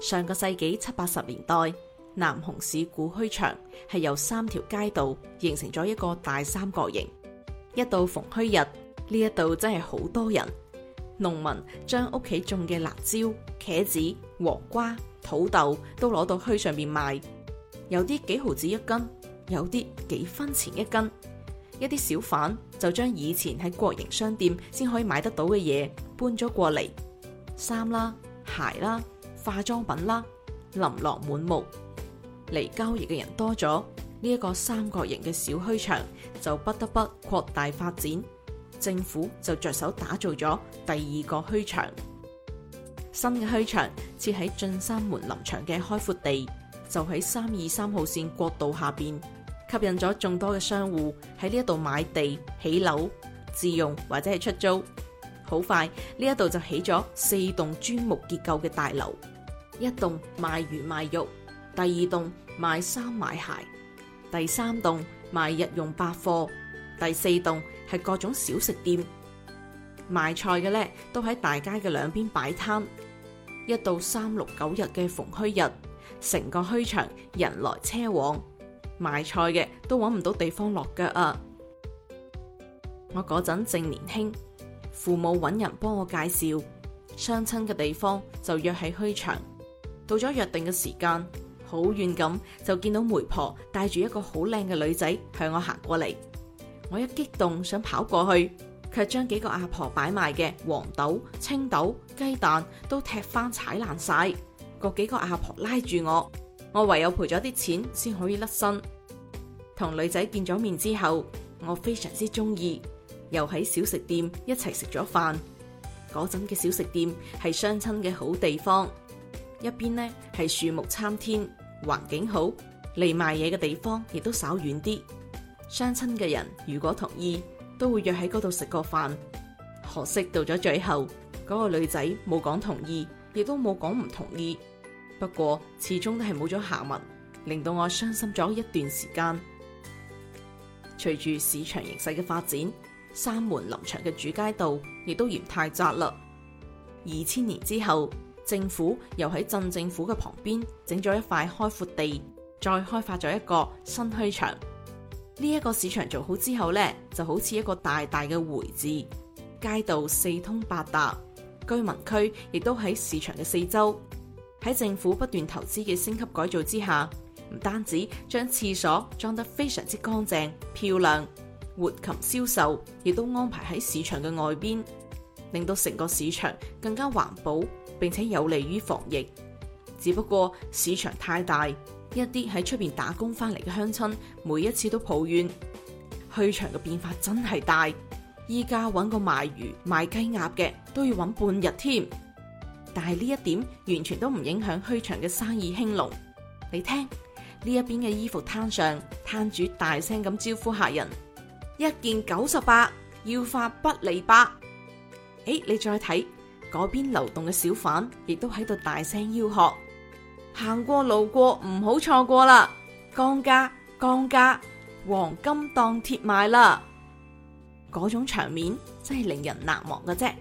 上個世紀七八十年代，南雄市古墟場係由三條街道形成咗一個大三角形。一到逢墟日，呢一度真係好多人。農民將屋企種嘅辣椒、茄子、黃瓜、土豆都攞到墟上面賣，有啲幾毫子一斤，有啲幾分錢一斤。一啲小販就將以前喺國營商店先可以買得到嘅嘢搬咗過嚟，衫啦、鞋啦。化妝品啦，琳琅滿目，嚟交易嘅人多咗，呢、這、一個三角形嘅小墟場就不得不擴大發展。政府就着手打造咗第二個墟場。新嘅墟場設喺進山門林場嘅開闊地，就喺三二三號線國道下邊，吸引咗眾多嘅商戶喺呢一度買地起樓自用或者係出租。好快呢一度就起咗四棟磚木結構嘅大樓。一棟賣魚賣肉，第二棟賣衫賣鞋，第三棟賣日用百貨，第四棟係各種小食店。賣菜嘅咧都喺大街嘅兩邊擺攤。一到三六九日嘅逢墟日，成個墟場人來車往，賣菜嘅都揾唔到地方落腳啊！我嗰陣正年輕，父母揾人幫我介紹，相親嘅地方就約喺墟場。到咗約定嘅時間，好遠咁就見到媒婆帶住一個好靚嘅女仔向我行過嚟。我一激動想跑過去，卻將幾個阿婆擺賣嘅黃豆、青豆、雞蛋都踢翻踩爛晒。嗰幾個阿婆拉住我，我唯有賠咗啲錢先可以甩身。同女仔見咗面之後，我非常之中意，又喺小食店一齊食咗飯。嗰陣嘅小食店係相親嘅好地方。一邊呢係樹木參天，環境好，離賣嘢嘅地方亦都稍遠啲。相親嘅人如果同意，都會約喺嗰度食個飯。可惜到咗最後，嗰個女仔冇講同意，亦都冇講唔同意。不過始終都係冇咗下文，令到我傷心咗一段時間。隨住市場形勢嘅發展，山門林場嘅主街道亦都嫌太窄嘞。二千年之後，政府又喺鎮政府嘅旁邊整咗一塊開闊地，再開發咗一個新墟場。呢一個市場做好之後咧，就好似一個大大嘅回字，街道四通八達，居民區亦都喺市場嘅四周。喺政府不斷投資嘅升級改造之下，唔單止將廁所裝得非常之乾淨漂亮，活禽銷售亦都安排喺市場嘅外邊，令到成個市場更加環保。並且有利於防疫，只不過市場太大，一啲喺出邊打工返嚟嘅鄉親每一次都抱怨墟場嘅變化真係大，依家揾個賣魚賣雞鴨嘅都要揾半日添。但係呢一點完全都唔影響墟場嘅生意興隆。你聽，呢一邊嘅衣服攤上攤主大聲咁招呼客人：一件九十八，要發不離八！」誒，你再睇。嗰邊流動嘅小販亦都喺度大聲吆喝，行過路過唔好錯過啦！降價、降價，黃金當鐵賣啦！嗰種場面真係令人難忘嘅啫。